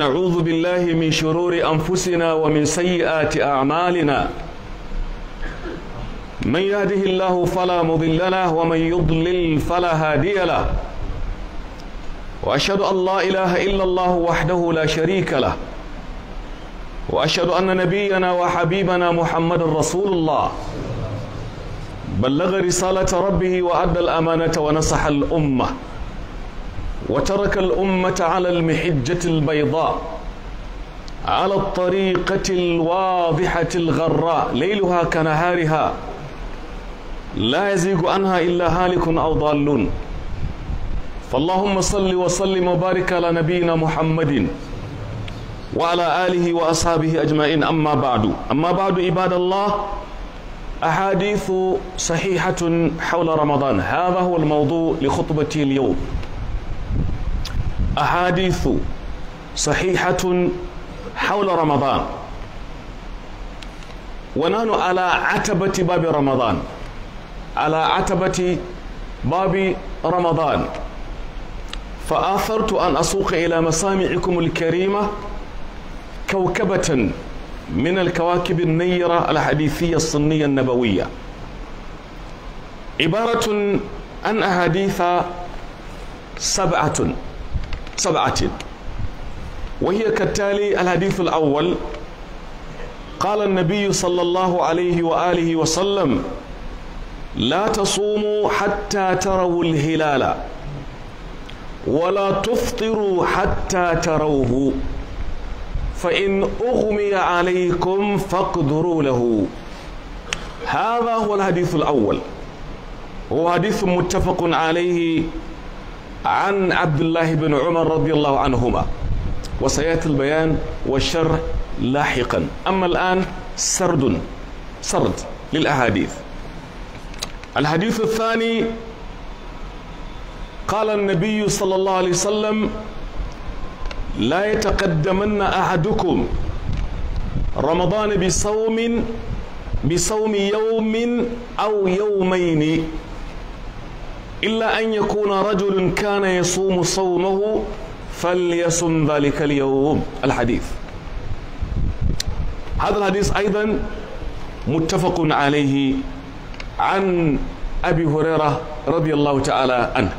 نعوذ بالله من شرور أنفسنا ومن سيئات أعمالنا من يهده الله فلا مضل له ومن يضلل فلا هادي له وأشهد أن لا إله إلا الله وحده لا شريك له وأشهد أن نبينا وحبيبنا محمد رسول الله بلغ رسالة ربه وأدى الأمانة ونصح الأمة وترك الأمة على المحجة البيضاء على الطريقة الواضحة الغراء ليلها كنهارها لا يزيغ عنها إلا هالك أو ضالون فاللهم صل وسلم وبارك على نبينا محمد وعلى آله وأصحابه أجمعين أما بعد أما بعد عباد الله أحاديث صحيحة حول رمضان هذا هو الموضوع لخطبتي اليوم أحاديث صحيحة حول رمضان ونحن على عتبة باب رمضان على عتبة باب رمضان فآثرت أن أسوق إلى مسامعكم الكريمة كوكبة من الكواكب النيرة الحديثية الصنية النبوية عبارة عن أحاديث سبعة سبعة وهي كالتالي الحديث الأول قال النبي صلى الله عليه وآله وسلم لا تصوموا حتى تروا الهلال ولا تفطروا حتى تروه فإن أغمي عليكم فاقدروا له هذا هو الحديث الأول هو حديث متفق عليه عن عبد الله بن عمر رضي الله عنهما وسياتي البيان والشرح لاحقا اما الان سرد سرد للاحاديث الحديث الثاني قال النبي صلى الله عليه وسلم لا يتقدمن احدكم رمضان بصوم بصوم يوم او يومين إلا أن يكون رجل كان يصوم صومه فليصم ذلك اليوم الحديث هذا الحديث أيضا متفق عليه عن أبي هريرة رضي الله تعالى عنه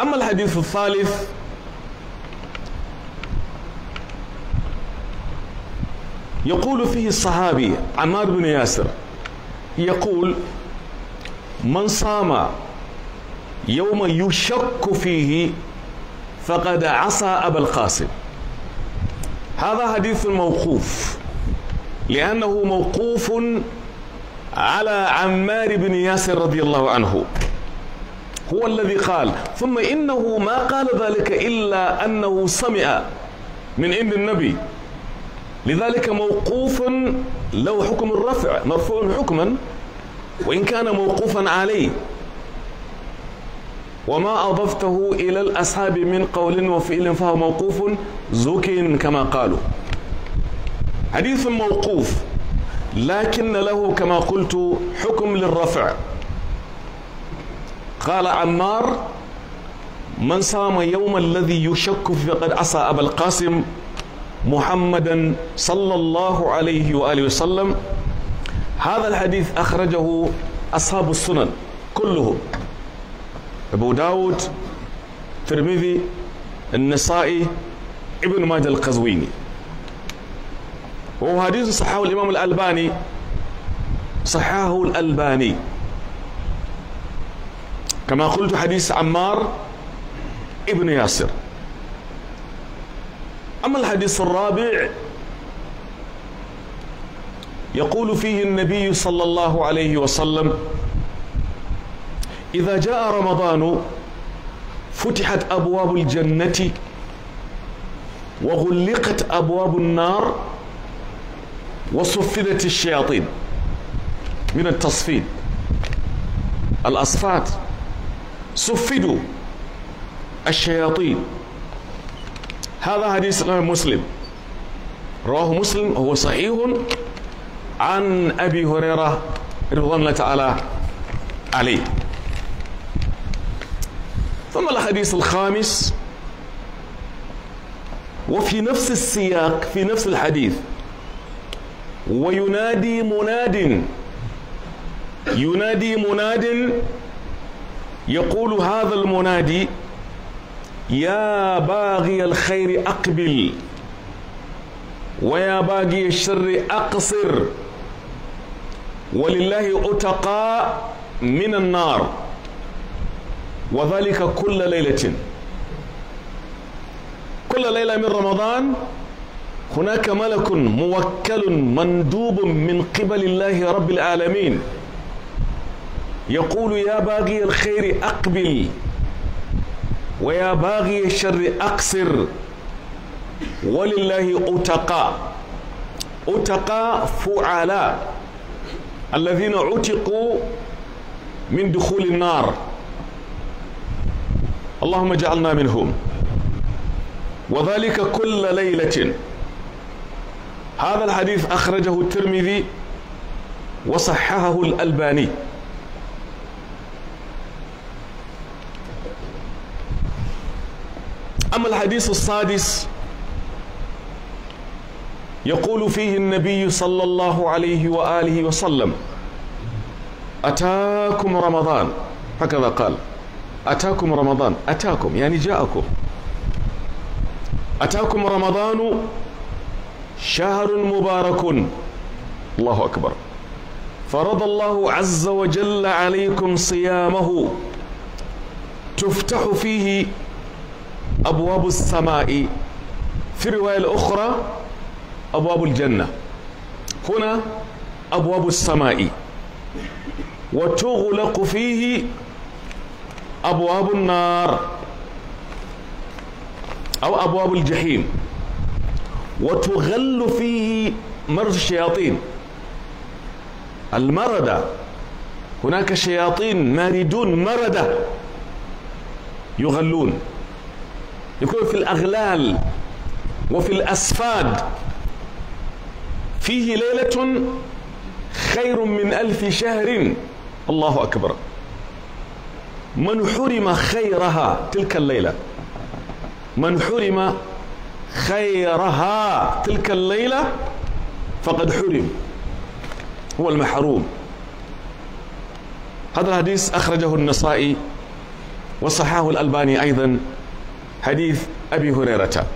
أما الحديث الثالث يقول فيه الصحابي عمار بن ياسر يقول من صام يوم يشك فيه فقد عصى أبا القاسم هذا حديث موقوف لأنه موقوف على عمار بن ياسر رضي الله عنه هو الذي قال ثم إنه ما قال ذلك إلا أنه سمع من عند النبي لذلك موقوف له حكم الرفع مرفوع حكما وإن كان موقوفا عليه وما أضفته إلى الأصحاب من قول وفعل فهو موقوف زكين كما قالوا حديث موقوف لكن له كما قلت حكم للرفع قال عمار من صام يوم الذي يشك في فقد عصى أبا القاسم محمدا صلى الله عليه وآله وسلم هذا الحديث أخرجه أصحاب السنن كلهم أبو داود ترمذي النسائي ابن ماجه القزويني وهو حديث صححه الإمام الألباني صححه الألباني كما قلت حديث عمار ابن ياسر أما الحديث الرابع يقول فيه النبي صلى الله عليه وسلم إذا جاء رمضان فتحت أبواب الجنة وغلقت أبواب النار وصفدت الشياطين من التصفيد الأصفاد صفدوا الشياطين هذا حديث مسلم رواه مسلم هو صحيح عن أبي هريرة رضوان الله تعالى عليه ثم الحديث الخامس وفي نفس السياق في نفس الحديث وينادي مناد ينادي مناد يقول هذا المنادي يا باغي الخير أقبل ويا باغي الشر أقصر ولله أتقى من النار وذلك كل ليلة كل ليلة من رمضان هناك ملك موكل مندوب من قبل الله رب العالمين يقول يا باغي الخير أقبل ويا باغي الشر أقصر ولله أتقى أتقى فعلاء الذين عتقوا من دخول النار اللهم اجعلنا منهم وذلك كل ليلة هذا الحديث أخرجه الترمذي وصححه الألباني أما الحديث السادس يقول فيه النبي صلى الله عليه وآله وسلم أتاكم رمضان هكذا قال أتاكم رمضان أتاكم يعني جاءكم أتاكم رمضان شهر مبارك الله أكبر فرض الله عز وجل عليكم صيامه تفتح فيه أبواب السماء في رواية أخرى أبواب الجنة هنا أبواب السماء وتغلق فيه أبواب النار أو أبواب الجحيم وتغل فيه مرض الشياطين المردة هناك شياطين ماردون مردة يغلون يكون في الأغلال وفي الأسفاد فيه ليلة خير من ألف شهر الله أكبر من حرم خيرها تلك الليلة من حرم خيرها تلك الليلة فقد حرم هو المحروم هذا الحديث أخرجه النصائي وصححه الألباني أيضا حديث أبي هريرة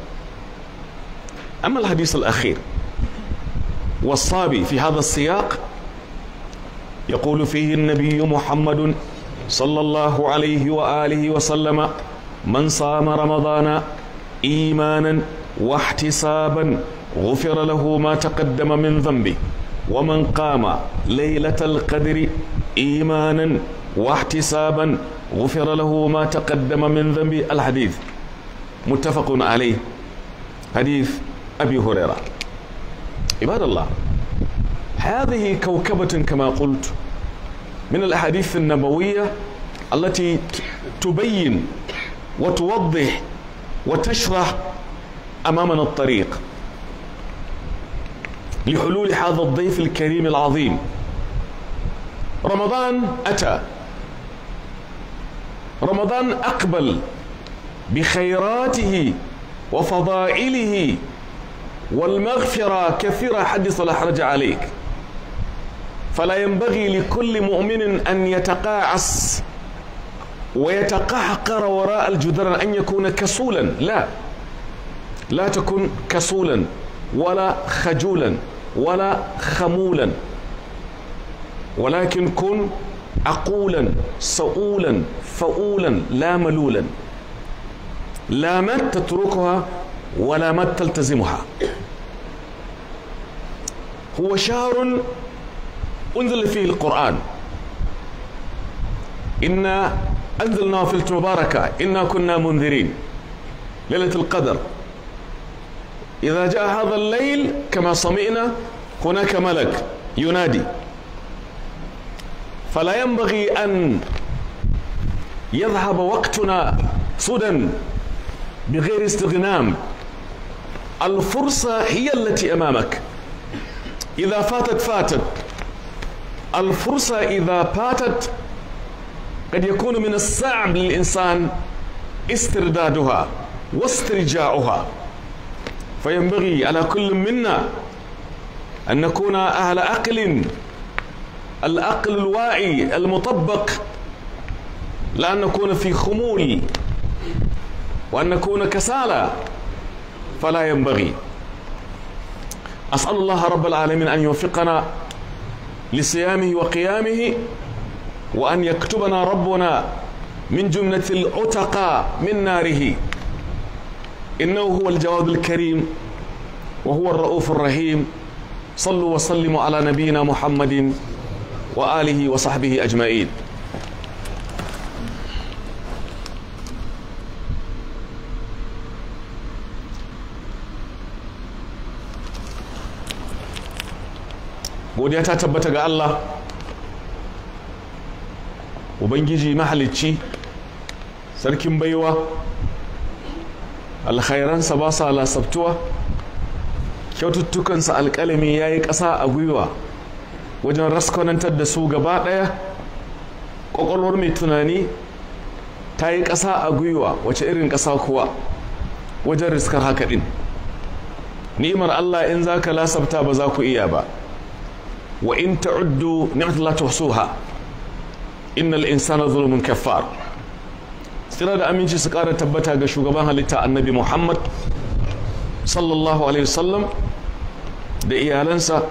أما الحديث الأخير والصابي في هذا السياق يقول فيه النبي محمد صلى الله عليه وآله وسلم من صام رمضان إيمانا واحتسابا غفر له ما تقدم من ذنبه ومن قام ليلة القدر إيمانا واحتسابا غفر له ما تقدم من ذنبه الحديث متفق عليه حديث أبي هريرة عباد الله هذه كوكبة كما قلت من الأحاديث النبوية التي تبين وتوضح وتشرح أمامنا الطريق لحلول هذا الضيف الكريم العظيم رمضان أتى رمضان أقبل بخيراته وفضائله والمغفرة كثيرة حديث صلاح حرج عليك فلا ينبغي لكل مؤمن أن يتقاعس ويتقعقر وراء الجدران أن يكون كسولا لا لا تكن كسولا ولا خجولا ولا خمولا ولكن كن عقولا سؤولا فؤولا لا ملولا مت تتركها ولا ما تلتزمها هو شهر أنزل فيه القرآن إنا أنزلناه في المباركة إنا كنا منذرين ليلة القدر إذا جاء هذا الليل كما سمعنا هناك ملك ينادي فلا ينبغي أن يذهب وقتنا سدى بغير استغنام الفرصة هي التي أمامك إذا فاتت فاتت الفرصة إذا فاتت قد يكون من الصعب للإنسان استردادها واسترجاعها فينبغي على كل منا أن نكون أهل عقل العقل الواعي المطبق لا أن نكون في خمول وأن نكون كسالى فلا ينبغي أسأل الله رب العالمين أن يوفقنا لصيامه وقيامه وأن يكتبنا ربنا من جملة العتقاء من ناره إنه هو الجواد الكريم وهو الرؤوف الرحيم صلوا وسلموا على نبينا محمد وآله وصحبه أجمعين godiya ta tabbata ga Allah ubangiji mahalicci sarkin baiwa alkhairansa ba sa lasabtuwa kyaututtukansa alkalami ya yi ƙasa a gwiwa wajen raskonantar da su gaba ɗaya ƙwaƙwalwar mai tunani ta yi ƙasa a gwiwa wace irin ƙasa kuwa wajen riskar haka ɗin ni'imar allah in za ka lasabta ba za ku iya ba wa in ta'uddu ni'matullahi tuhsuha innal insana zulumin kaffar tsira da aminci su kara tabbata ga shugaban halitta annabi Muhammad sallallahu alaihi wasallam da iyalansa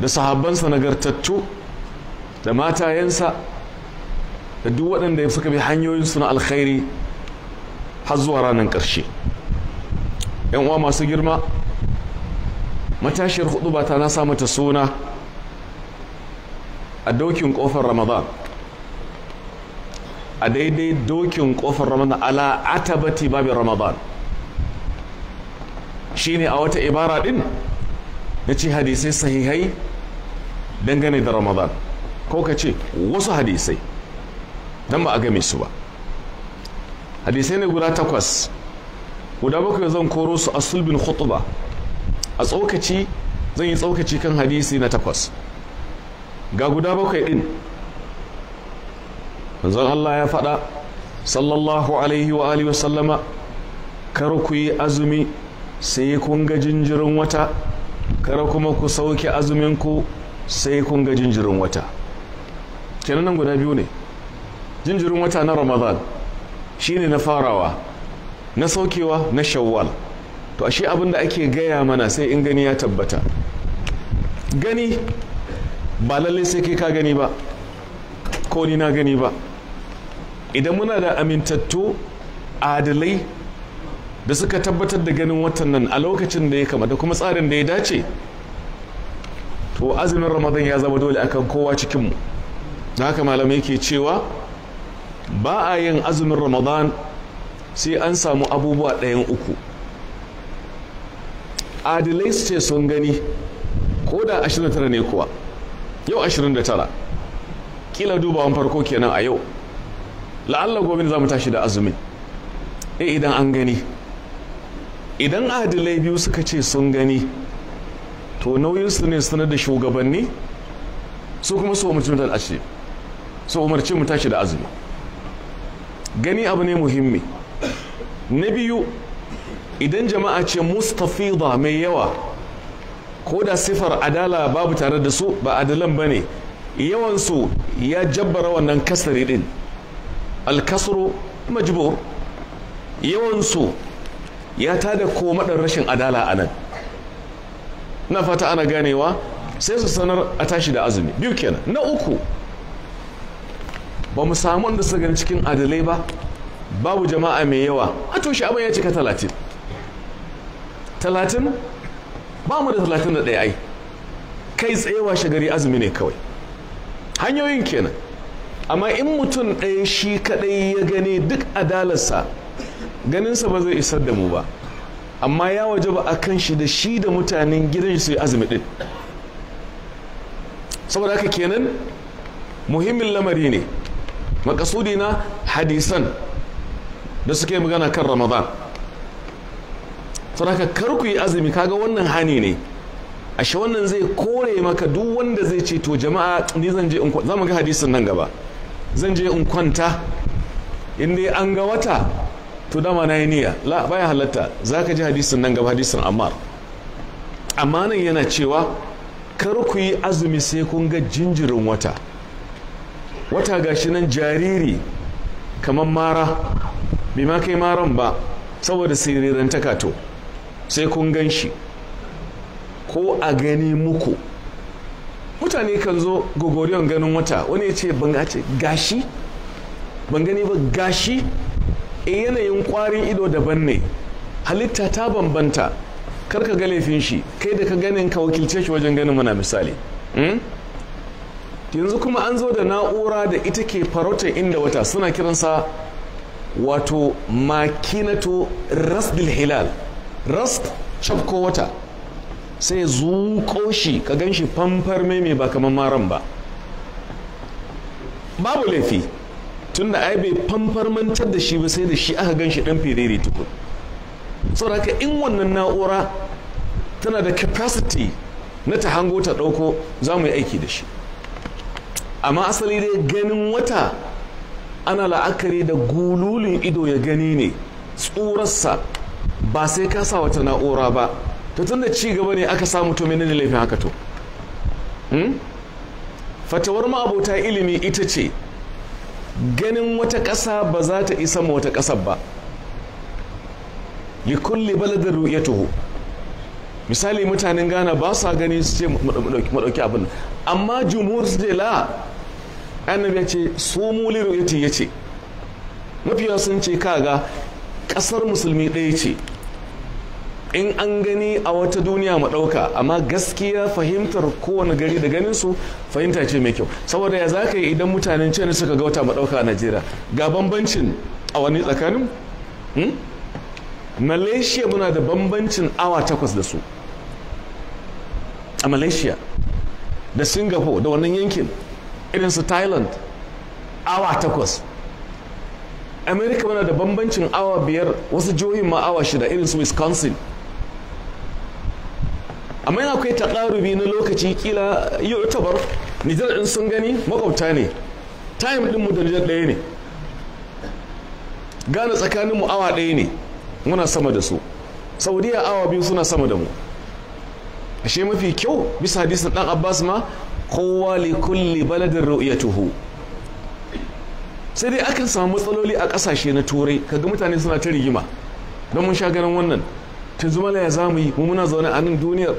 da sahabbansa nagartattu da matayensa da duk waɗanda suka bi hanyoyin na alkhairi har zuwa ranar ƙarshe 'yan uwa masu girma matashiyar hudu ba ta na sa mata suna a dokin kofar ramadan a daidai dokin kofar ramadan ala atabati babin ramadan shine a wata ibara din na ce hadisai sahihai dangane da ramadan ko ka ce wasu hadisai don ba a game su ba hadisai ne guda takwas guda bakwai zan koro su a sulbin khutba a tsokaci zan yi tsokaci kan hadisi na takwas ga guda bakwai din manzon Allah ya faɗa sallallahu alaihi wa alihi wasallama kar ku yi azumi sai kun ga jinjirin wata kar kuma ku sauke azumin ku sai kun ga jinjirin wata kenan nan guda biyu ne jinjirin wata na ramadan shine na farawa na saukewa na shawwal to ashe abin da ake gaya mana sai in gani ya tabbata gani ba lallai sai kai ka gani ba ko ni na gani ba idan muna da amintattu adalai da suka tabbatar da ganin watan nan a lokacin da ya kama da kuma tsarin da ya dace to azumin ramadan ya zama dole akan kowa cikinmu da haka malamai ke cewa ba a yin azumin ramadan sai an samu abubuwa ɗayan uku adilai su ce sun gani ko da 29 ne kuwa yau 29 kila dubawan farko kenan a yau la'alla gobe za mu tashi da azumin e idan an gani idan adilai biyu suka ce sun gani to nauyinsu ne sanar da shugabanni su kuma su umarci a ashe su umarci mu tashi da azumi gani abu ne muhimmi na biyu idan jama'a ce mustafida mai yawa ko da sifar adala babu tare da su ba adalan ba ne yawansu ya jabbara wannan kasari din alkasro majbur yawansu ya tada ko maɗan rashin adala a nan na fata ana ganewa sai su sanar a tashi da azumi biyu kenan na uku ba mu samu wanda su cikin adalai ba babu jama'a mai yawa a toshe abin ya cika talatin talatin ba mu da talatin da ɗaya ai kai tsayewa shagari azumi ne kawai hanyoyin kenan amma in mutum ɗaya shi kaɗai ya gane duk adalarsa ganinsa ba zai isar da mu ba amma ya waje ba a kan shi da shi da mutanen gidan su yi azumi ɗin saboda haka kenan muhimmin lamari ne makasudina hadisan da suke magana kan ramadan saboda kar ku yi azumi kaga wannan hani ne ashe wannan zai kore maka duk wanda zai ce to jama'a ni zan je in za ga hadisin nan gaba zan je in kwanta in dai an ga wata to dama na yi niyya la baya halatta za ji hadisin nan gaba hadisin ammar amma nan yana cewa kar ku yi azumi sai kun ga jinjirin wata wata gashi nan jariri kamar mara bai ma kai maran ba saboda sirrin takato sai kun gan shi ko a gani muku mutane kan zo gogoriyon ganin wata wani ya ce ban ce gashi ban gani ba gashi e yanayin kwarin ido daban ne halitta ta bambanta karka ga laifin shi kai da ka ganin ka wakilce shi wajen ganin mana misali hmm? yanzu kuma an zo da na'ura da ita ke farautar inda wata suna kiransa wato makinato rasdil hilal ras ko wata sai zuƙo shi ka gan shi famfar mai ba kamar maran ba babu laifi tun da ai bai famfar mantar da shi ba sai da shi aka gan shi ɗan firiri tukun saboda haka in wannan na'ura tana da capacity na ta hango ta ɗauko za mu yi aiki da shi amma asali dai ganin wata ana la'akari da gululin ido ya gani ne tsurarsa ba sai ka sa wata na'ura ba to tun da ci gaba ne aka samu to menene laifin haka to hmm? fatawar ma'abota ilimi ita ce ganin wata ƙasa ba za ta isa ma wata ƙasar ba likulli baladin ru'yatuhu misali mutanen ghana ba sa gani su ce maɗauki abin amma jumhur su ce la annabi ya ce su li ru'yati ya ce mafiya sun ce kaga ƙasar musulmi ɗaya ce in an gani a wata duniya maɗauka amma gaskiya fahimtar kowane gari da ganin su fahimta ce mai kyau saboda ya za ka yi idan mutanen ce suka ga wata maɗauka a najeriya ga bambancin a wani tsakanin hmm? malaysia muna da bambancin awa takwas da su a malaysia da singapore da wannan yankin irin su thailand awa takwas america muna da bambancin awa biyar wasu jihohin ma awa shida irin su wisconsin amma yana akwai taƙarubi na lokaci kila yi yu'tabar nijar din sun gani makwabta ne time din mu da nijar ɗaya ne gane tsakanin mu awa ɗaya ne muna sama da su saudiya awa biyu suna sama da mu ashe mafi kyau bisa hadisin ɗan abbas ma kowa li kulli baladin tuhu sai dai akan samu matsaloli a kasashe na turai kaga mutane suna ta rigima don mun sha ganin wannan tun zuma ya mu yi mu muna zaune a nan duniyar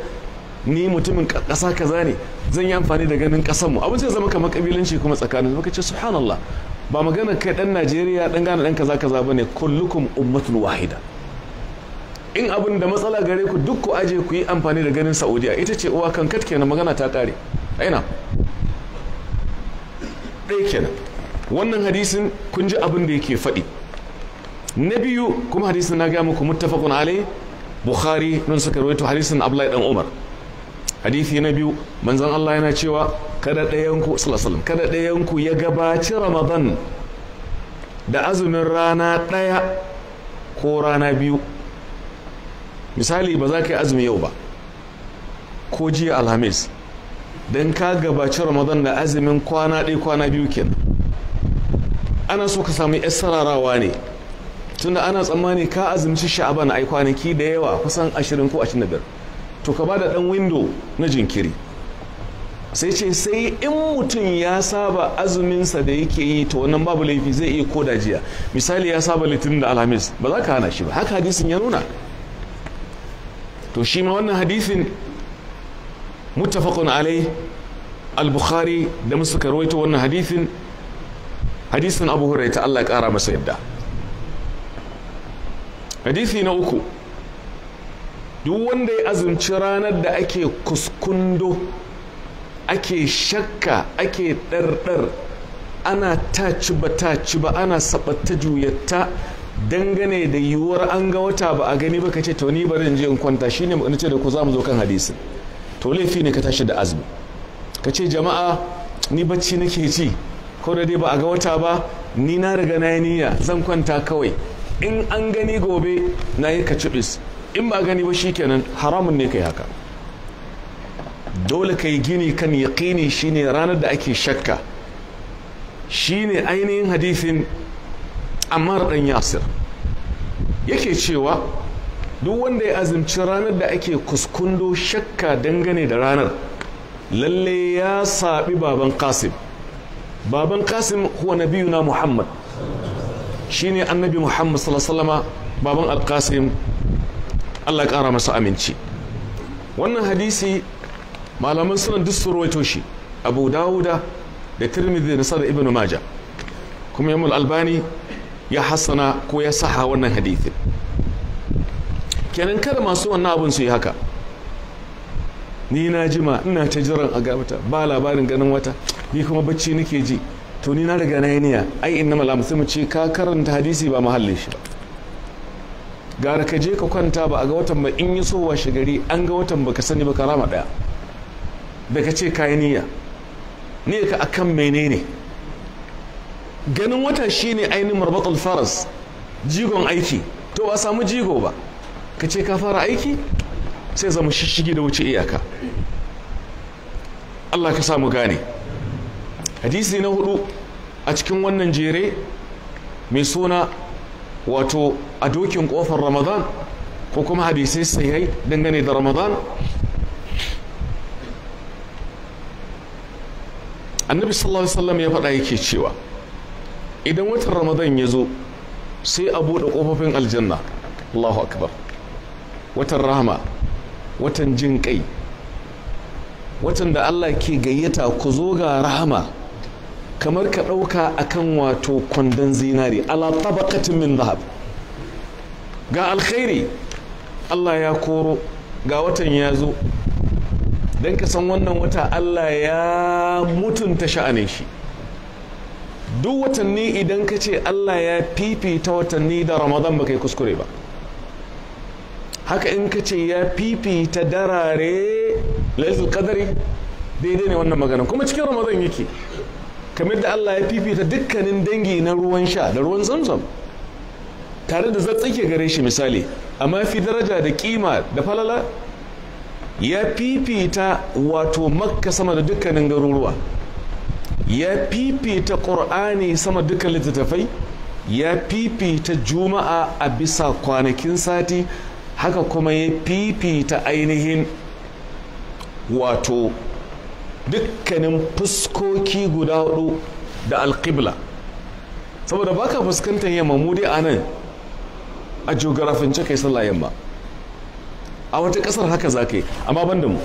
ni mutumin ƙasa kaza ne zan yi amfani da ganin ƙasar mu abin sai zama kamar kabilanci kuma tsakanin muka ce subhanallah ba magana kai dan Najeriya dan Ghana dan kaza kaza bane kullukum ummatun wahida in abin da matsala gare ku duk ku aje ku yi amfani da ganin Saudiya ita ce uwa kan kat kenan magana ta kare aina dai kenan wannan hadisin kun ji abin da yake faɗi na biyu kuma hadisin na ga muku muttafaqun alai bukhari nun suka rawaito hadisin abdullahi dan umar hadisi na biyu manzon Allah yana cewa kada ku sallallahu kada ɗayan ku ya gabaci ramadan da azumin rana ɗaya ko rana biyu misali ba za ka yi azumi yau ba ko jiya alhamis don ka gabaci ramadan da azumin kwana ɗaya kwana biyu kenan ana so ka samu yar sararawa ne tunda ana tsammani ka azumci sha'aban yi kwanaki da yawa kusan ashirin ko ashirin biyar. to ka bada dan window na jinkiri sai ce sai in mutum ya saba azuminsa da yake yi ta wannan babu laifi zai iya koda jiya misali ya saba litinin da alhamis ba za ka hana shi ba haka hadisin ya nuna to shi ma wannan hadisin muttafaqun alai al-bukhari da musu karwaito wannan hadisin hadisin abu hurairah Allah ya kara masa yadda hadisi na uku duk wanda ya azumci ranar da ake kuskundo ake shakka ake ɗarɗar ana taci ba ci ba ana saɓatta juyatta dangane da yiwuwar an ga wata ba a gani ba ka ce to ni bari in je in kwanta shi ne ce da ku za mu zo kan hadisin to laifi ne ka tashi da azumi ka ce jama'a ni bacci nake ci ko da dai ba a ga wata ba ni na riga na yi niyya zan kwanta kawai in an gani gobe na yi kacibis in ba gani ba kenan haramun ne kai haka dole kai gini kan yaqini shine ranar da ake shakka shine ainihin hadisin Ammar dan Yasir yake cewa duk wanda ya azumci ranar da ake kuskundo shakka dangane da ranar lalle ya saɓi baban Qasim baban Qasim huwa nabiyuna Muhammad shine annabi Muhammad sallallahu alaihi baban al Allah ya ƙara masa aminci wannan hadisi malaman sunan duk su rawaito shi abu dawuda da tirmidhi da sada ibn maja kuma yamul albani ya hassana ko ya saha wannan hadisi. kenan kada masu wannan abin su yi haka ni na jima ina ta jiran a gabata ba labarin ganin wata ni kuma bacci nake ji to ni na riga na yi niyya ai inna malamu sai mu ce ka karanta hadisi ba mahallin shi ba gara ka je ka kwanta ba a ga watan ba in yi so washe gari an ga watan ba ka sani ba rama daya da ka ce kayan niyya ne ka akan menene ganin wata shine ainihin marbatul faras jigon aiki to ba samu jigo ba ka ce ka fara aiki sai zama shishigi da wuce iyaka Allah ka samu gane hadisi na hudu a cikin wannan jere mai suna wato a dokin kofar ramadan ko kuma hadisai sahihai dangane da ramadan annabi sallallahu alaihi wasallam ya faɗa yake cewa idan watan ramadan ya zo sai a buɗe ƙofofin aljanna allahu akbar watan rahama watan jin kai watan da allah ke gayyata ku zo ga rahama kamar ka ɗauka a kan wato kwandon zinari ala tabakatin min zahab ga alkhairi Allah ya koro ga watan ya zo don ka san wannan wata Allah ya mutunta sha'anin shi duk watanni idan ka ce Allah ya fifita watanni da ramadan ba kai kuskure ba haka in ka ce ya fifita darare lailatul kadari daidai ne wannan magana kuma cikin ramadan yake kamar da Allah ya fifita dukkanin dangi na ruwan sha da ruwan zamzam tare da ke gare shi misali amma fi daraja da kima da falala ya fifita wato makka sama da dukkanin garuruwa ya fifita ƙur'ani sama dukkan littattafai ya fifita juma'a a bisa kwanakin sati haka kuma ya fifita ainihin wato dukkanin fuskoki guda hudu da alƙibla saboda baka fuskantar yamma mu dai a nan a geografin cikai sallah yamma a wata ƙasar haka za ka yi amma ban da mu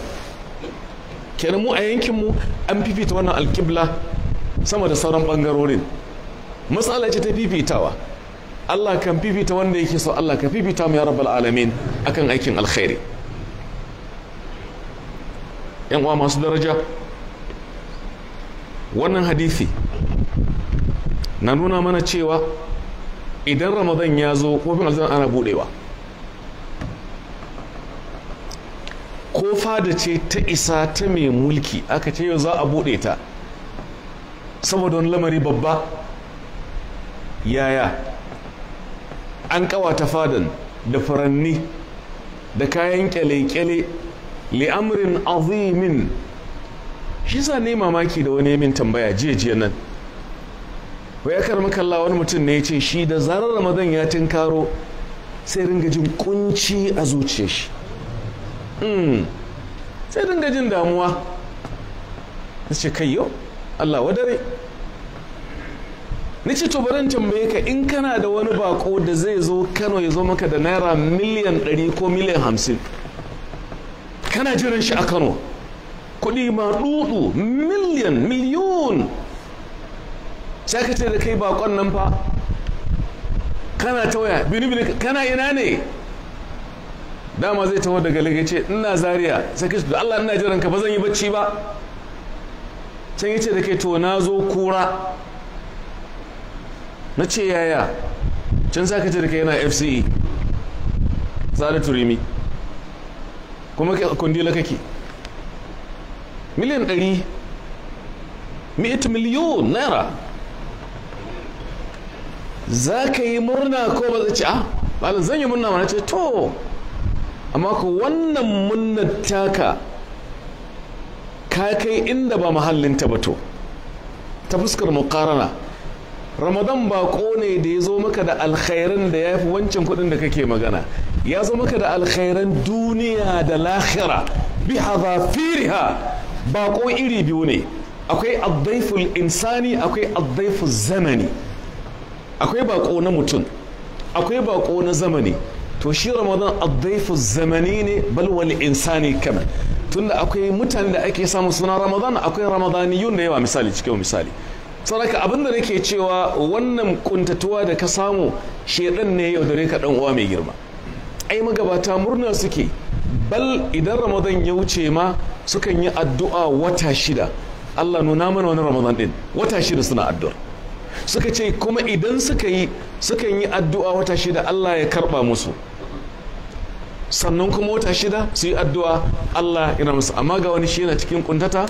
kenan mu a yankinmu an fifita wannan alƙibla sama da sauran ɓangarorin matsala ce ta fifitawa Allah kan fifita wanda yake so Allah ka fifita mu ya rabbal alamin akan aikin alkhairi yan uwa masu daraja wannan hadisi na nuna mana cewa idan ramadan ya zo kofin aljanna ana budewa ko fada ce ta isa ta mai mulki aka ce yau za a bude ta saboda wani lamari babba yaya an kawata fadan da furanni da kayan kyale-kyale li'amrin azimin shi sa ne mamaki da wani min tambaya jiya jiya nan wai akar makalla wani mutum ne ya ce shi da zarar ramadan ya tinkaro sai ringa jin kunci a zuciya shi hmm. sai ringa jin damuwa ta ce kai yau allah wadare ni ce to barin tambaye ka in kana da wani bako da zai zo kano ya zo maka da naira miliyan 100 ko miliyan 50 kana jiran shi a kano kuɗi ma ɗuɗu miliyan miliyun sai ka ce da kai bakon nan fa kana ta waya bini bini kana ina ne dama zai taho daga ce ina zaria sai ka ce da Allah ina jiran ka ba zan yi bacci ba can yace da kai to na zo kura na ce yaya can sa ka ce da kai yana FCE tsara turimi kuma kundila kake miliyan ɗari mita miliyon naira za ka yi murna ko ba zai ce ah ba zan yi murna mana ce to amma ko wannan murnar taka ka kai inda ba mahallinta ba to ta fuskar mukarana ramadan ba ne da ya zo maka da alkhairan da ya fi wancan kudin da kake magana ya zo maka da alkhairan duniya da lahira bi hadafiriha baƙo iri biyu ne akwai addaiful insani akwai addaiful zamani akwai baƙo na mutum akwai baƙo na zamani to shi ramadan addaiful zamani ne balwal insani kama tunda akwai mutane da ake samu suna ramadan akwai ramadaniyun da yawa misali cikin misali saraka abin da nake cewa wannan kuntatuwa da ka samu shedan ne yau da ka dan uwa mai girma ai magabata murna suke bal idan ramadan ya wuce ma sukan yi addu'a wata shida Allah nuna mana wani Ramadan din wata shida suna addu'a suka ce kuma idan suka yi sukan yi addu'a wata shida Allah ya karba musu sannan kuma wata shida su yi addu'a Allah yana musu amma ga wani shi yana cikin kuntata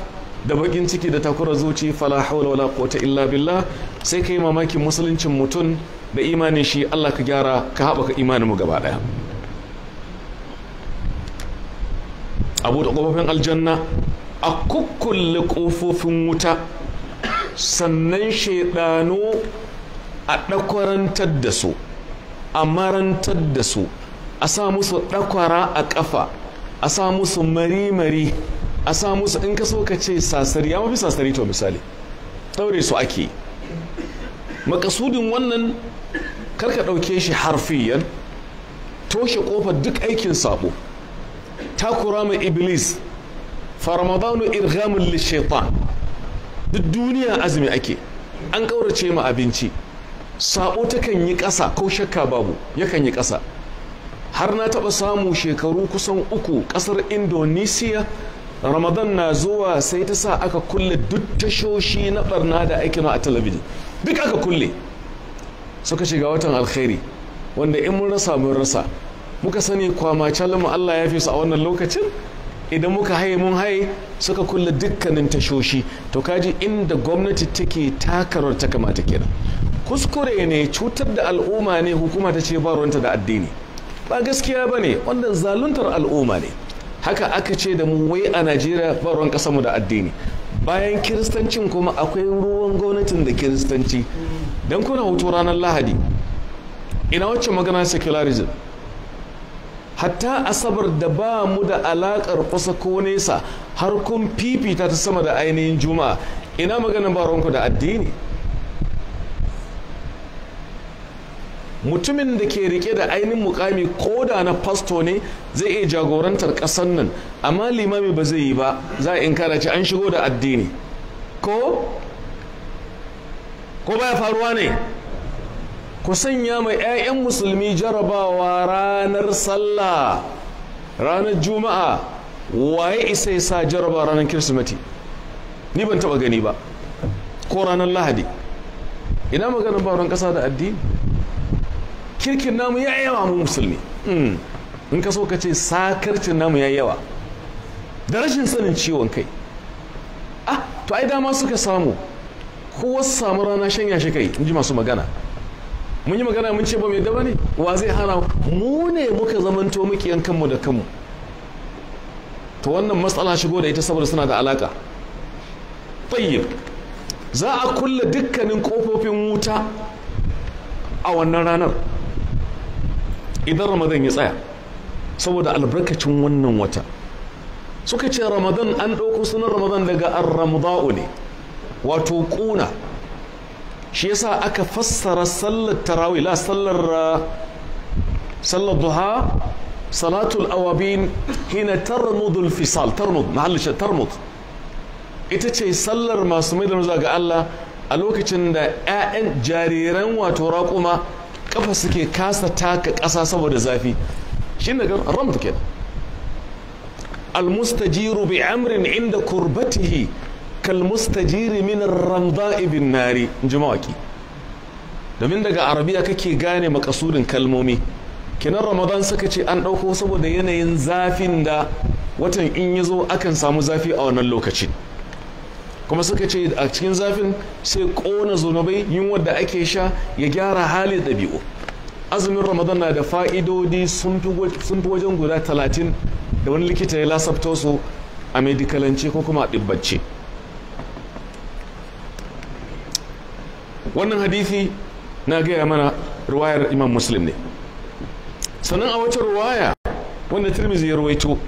da bakin ciki da takura zuci fala haula wala illa billah sai kai mamakin musuluncin mutum da imanin shi Allah ka gyara ka haɓaka imanin mu gaba ɗaya a buɗe ƙofofin aljanna a kukkulle ƙofofin wuta sannan shaidano a ɗakwarantar da su a marantar da su a sa musu ɗakwara a ƙafa a sa musu mari-mari a sa musu in ka so ka ce sasari ya mafi sasari to misali ɗaure su ake makasudin wannan karka ɗauke shi harfiyan toshe ƙofar duk aikin sabo takura mai iblis fa irhamun irghamun lishaitan duk duniya azumi ake an kaurace ma abinci ta takan yi ƙasa ko shakka babu yakan yi ƙasa har na taɓa samu shekaru kusan uku ƙasar indonesia ramadan na zuwa sai ta sa aka kulle duk tashoshi na barna da ake a talabijin duk aka kulle suka shiga watan alkhairi wanda in mun rasa mun rasa muka sani kwama calin mu Allah ya fi su a wannan lokacin idan muka haye mun haye suka kulle dukkanin tashoshi to kaji inda gwamnati take takarar ta kamata kenan kuskure ne cutar da al'umma ne hukuma ta ce ba ruwanta da addini ba gaskiya ba ne wanda zaluntar al'umma ne haka aka ce da mu wai a najeriya ba ruwan mu da addini bayan kiristancin kuma akwai ruwan gwamnatin da kiristanci don kuna hoto ranar lahadi ina wacce magana secularism hatta asabar da ba mu da alaƙar kusa ko nesa har kun fifita ta sama da ainihin juma'a ina maganin baronku da addini mutumin da ke rike da ainihin mukami koda na fasto ne zai iya jagorantar ƙasar nan amma limami ba zai yi ba za a inkara ci an shigo da addini ko ko baya faruwa ne ku sanya mai 'ya'yan musulmi jarabawa ranar sallah ranar juma'a waye isa ya sa jaraba ranar kirsimati ni ban taba gani ba ko ranar lahadi ina maganin baron kasa da addini kirkin namu ya yawa mu musulmi hmm. in ka so ka ce sakarcin namu ya yawa da rashin sanin ciwon kai ah to ai dama suka samu kowa samu rana shanya shi kai in ji masu magana mun yi magana mun ce ba mai daba ne wa zai hana mu ne muka zamanto yan kanmu da kanmu ta wannan matsala shigo da ita saboda suna da alaka tayyib za a kulle dukkanin kofofin wuta a wannan ranar idan ramadan ya tsaya saboda albarkacin wannan wata suka ce ramadan an ɗauko sunan ramadan daga ar ne wato ƙuna shi yasa aka fassara sallar tarawih la sallar uh, sallar duha salatul awabin hina tarmudul fisal tarmud mahallin shi tarmud ita ce sallar masu mai da zuwa ga Allah a lokacin da 'ya'yan jariran wato raƙuma kafa suke kasa taka ƙasa saboda zafi shi ne ga ramta kenan bi amrin inda kurbatihi kalmustajiri min ramda ibin nari in ji mawaki domin daga arabiya kake gane makasudin kalmomi kinan ramadan suka ce an ɗauko saboda yanayin zafin da watan in ya zo akan samu zafi a wannan lokacin kuma suka ce a cikin zafin sai ƙona zunubai yin da ake sha ya gyara hali ɗabi'u azumin ramadan na da fa'idodi sun fi wajen guda talatin da wani likita ya lasafta su a medikalance ko kuma a ɗibbace. wannan hadisi na gaya mana ruwayar imam muslim ne sannan a wata ruwaya wanda tirmizi ya ruwaito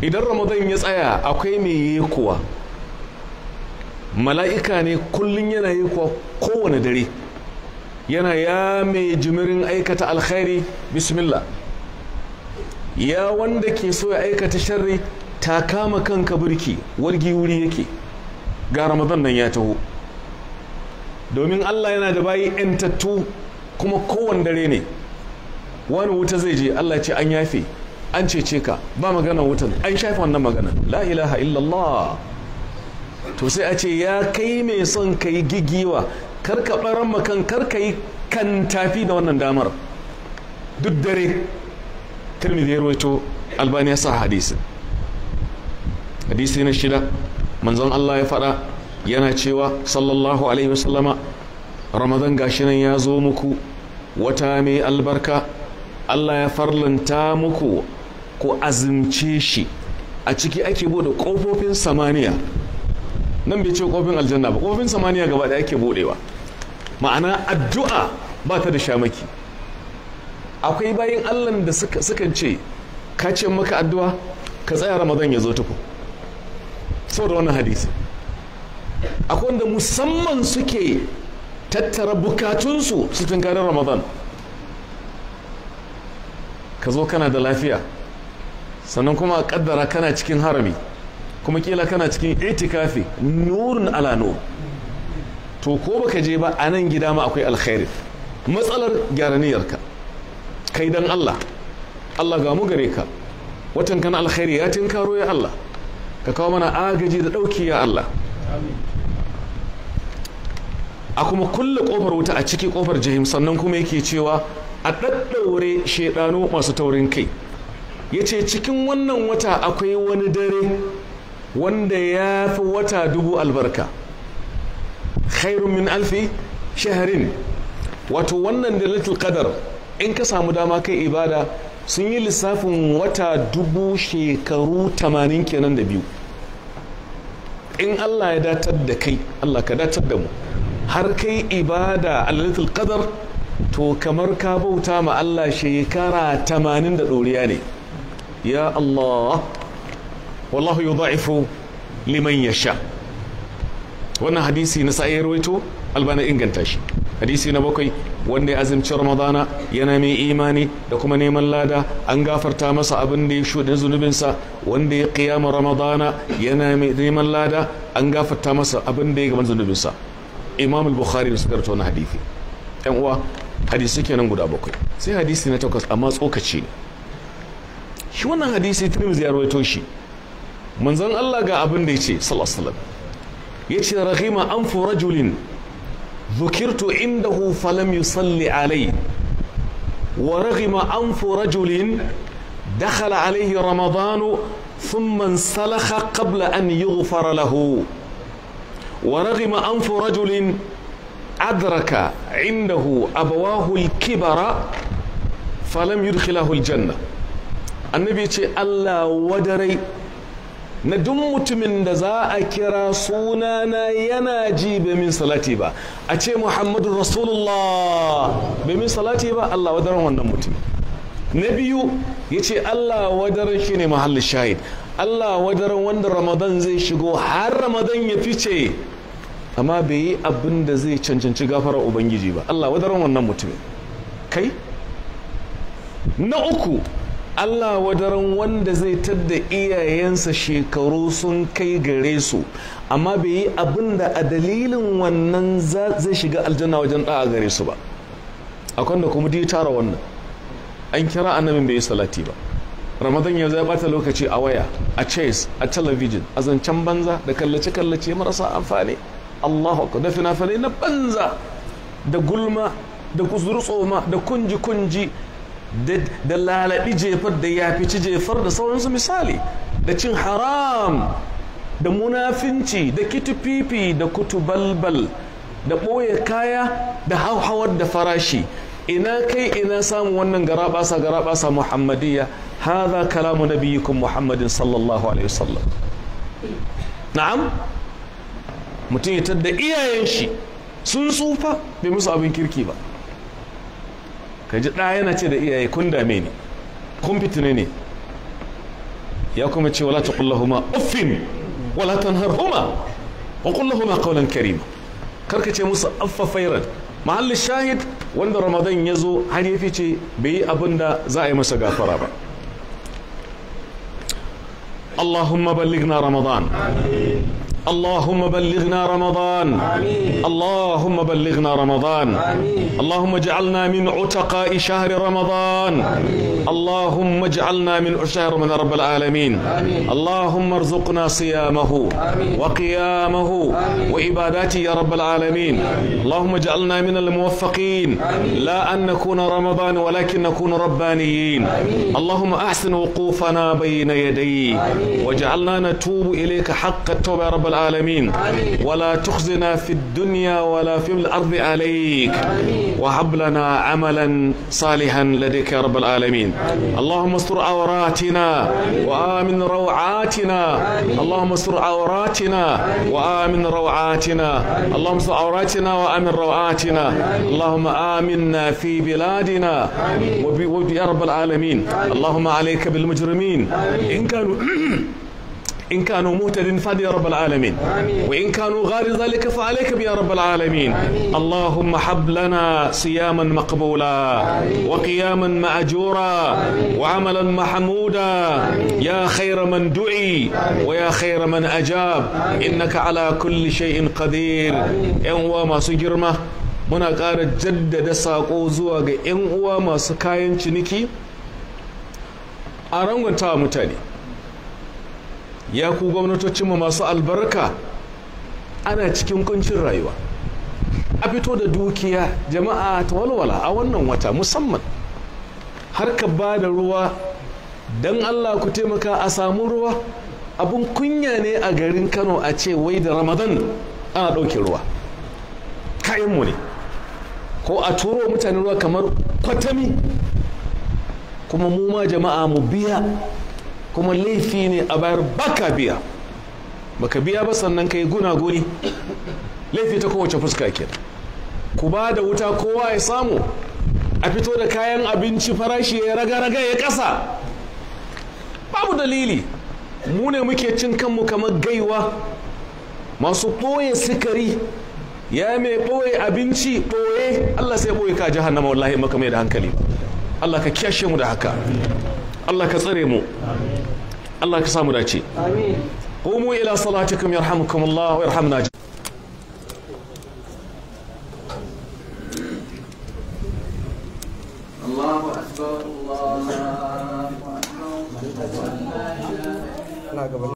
idan ramadan ya tsaya akwai mai yi kuwa mala'ika ne kullum yana yi kuwa kowane dare yana ya mai jimirin aikata alkhairi bismillah ya wanda ke so ya aikata sharri ta kama kanka birki wargi wuri yake ga ramadan nan ya taho domin Allah yana da bayi ‘yantattu kuma kowane dare ne wani wuta zai je Allah ce an yafe an cece ka ba magana wutan an shafe wannan maganar la ilaha illallah to sai a ce ya kai mai son ka yi gigiwa kar ɓaran makan kar ka yi kan tafi da wannan damar duk dare tirmidhi ya rawaito albani ya sa hadisi hadisi na shida manzon Allah ya faɗa yana cewa sallallahu alaihi wasallama ramadan gashi nan ya zo muku wata mai albarka allah ya farlanta muku ku azumce shi a ciki ake bude kofofin samaniya nan bai ce kofin aljanna ba kofofin samaniya gaba da ake budewa ma'ana addu'a ba ta da shamaki akwai bayan allah da suka ce ka ce maka addu'a ka tsaya ramadan ya zo tuku saboda wannan hadisi akwai wanda musamman suke tattara bukatunsu su tunkarin ramadan ka zo kana da lafiya sannan kuma a kaddara kana cikin harami kuma kila kana cikin itikafi nurin ala to ko baka je ba a nan gida ma akwai alkhairi matsalar gyaraniyarka kai don Allah Allah ga mu gare ka watan kana alkhairi ya tinkaro ya Allah ka kawo mana agaji da ɗauki ya Allah a kuma kulle kofar wuta a ciki kofar jahim sannan kuma yake cewa a ɗaɗɗaure shaidanu masu taurin kai ya ce cikin wannan wata akwai wani dare wanda ya fi wata dubu albarka khairun min alfi shaharin wato wannan da little qadar in ka samu dama kai ibada sun yi lissafin wata dubu shekaru tamanin kenan da biyu in allah ya datar da kai allah ka datar da mu har kai ibada a lalatul kadar to kamar ka bauta ma Allah shekara tamanin da ɗoriya ne ya Allah wallahu yudha'ifu liman ya sha. wannan hadisi na sa'ayi waito albana inganta shi hadisi na bakwai wanda ya azimci ramadana yana mai imani da kuma neman lada an gafarta masa abin da ya shuɗe zunubinsa wanda ya kiyama ramadana yana mai neman lada an gafarta masa abin da ya gaban zunubinsa imam al-bukhari da suka rato wani hadithi yan uwa hadisi kenan guda bakwai sai hadisi na takwas amma tsokaci ne shi wannan hadisi tirmidhi ya rawaito shi manzon Allah ga abin da yace sallallahu alaihi yace raghima anfu rajulin dhukirtu indahu falam salli alai wa raghima anfu rajulin dakhala alayhi ramadanu thumma kabla an an يغفر lahu. ورغم أنف رجل أدرك عنده أبواه الكبر فلم يدخله الجنة النبي يقول الله ودري na duk mutumin da za a kira sunana yana ji bai min a ce muhammadu rasulullah bai min salati ba allah wadaran wannan mutum biyu ya ce allah wadaran shi ne mahallin shahid Allah wajen wanda Ramadan zai shigo har Ramadan ya fice amma bai yi abin da zai cancanci gafarar Ubangiji ba Allah wajen wannan mutumin kai na uku Allah wajen wanda zai tadda iyayensa shekaru sun kai gare su amma bai yi abin da a dalilin wannan zai shiga aljanna wajen da'a gare su ba akwai da kuma tara wannan an kira annabin bai yi salati ba ramadan ya zai bata lokaci a waya a chase a television a zancen banza da kallace-kallace marasa amfani allahu akbar da fina-finai na banza da gulma da kusuru-tsoma da kunji-kunji da lalabi jefar da yafici jefar da sauransu misali da cin haram da munafinci da kitufifi da kutubalbal da ɓoye kaya da hauhawar da farashi ina kai ina samu wannan garaɓasa-garaɓasa muhammadiyya هذا كلام نبيكم محمد صلى الله عليه وسلم na'am mutum ya tadda iyayen shi sun tsufa bai musu abin kirki ba kaji ji yana ce da iyaye kun dame ne kun fitine ne ya kuma ce wala taqullahuma uffin wala tanharhuma wa qul lahumu qawlan karima karka ce musu affa fairan mahallin shahid wanda ramadan ya zo har ya fice bai yi abin da za a yi masa gafara ba اللهم بلغنا رمضان آمين اللهم بلغنا رمضان آمين. اللهم بلغنا رمضان آمين. اللهم اجعلنا من عتقاء شهر رمضان آمين. اللهم اجعلنا من عشاق رمضان رب العالمين آمين. اللهم ارزقنا صيامه آمين. وقيامه آمين. وعباداته يا رب العالمين آمين. اللهم اجعلنا من الموفقين آمين. لا أن نكون رمضان ولكن نكون ربانيين آمين. اللهم أحسن وقوفنا بين يديك واجعلنا نتوب إليك حق التوبة يا رب العالمين العالمين ولا تخزنا في الدنيا ولا في الأرض عليك وهب لنا عملا صالحا لديك يا رب العالمين اللهم استر عوراتنا وآمن روعاتنا اللهم استر عوراتنا وآمن روعاتنا اللهم استر عوراتنا وآمن روعاتنا اللهم آمنا في بلادنا وبي رب العالمين اللهم عليك بالمجرمين إن كانوا waɗanda in kan yi wa mutane fadai ya rabba alamar waɗanda in kan yi wa gwari ne ya rabba alaumin allahumma hab lana siya man maqbula wa ya man macjoora waɗanda na ya kaira man duci wa ya kaira man ajab innaka na ka cala kun in khadir in uwa masu girma muna kara jaddada sako zuwa ga in uwa masu kayan ciniki a ran mutane. ya ku gwamnatocinmu masu albarka ana cikin kuncin rayuwa a fito da dukiya jama'a ta walwala a wannan wata musamman har ka ba da ruwa don allah ku taimaka a samu ruwa abun kunya ne a garin kano a ce wai da ramadan ana ɗauke ruwa kayanmu ne ko a turo mutane ruwa kamar kwatami kuma mu ma jama'a mu biya kuma laifi ne a bayar baka biya baka biya ba sannan kai gunaguni laifi ta kowace fuska ke ku ba da wuta kowa ya samu a fito da kayan abinci farashi ya raga-raga ya ƙasa babu dalili mu ne muke cin kanmu kamar gaiwa masu ɓoye sikari ya mai ɓoye abinci ɓoye allah sai ɓoye ka jahannama wallahi maka mai da hankali allah ka kyashe mu da haka allah ka tsare mu الله كسامو داكشي امين قوموا الى صلاتكم يرحمكم الله ويرحمنا جميعا الله اكبر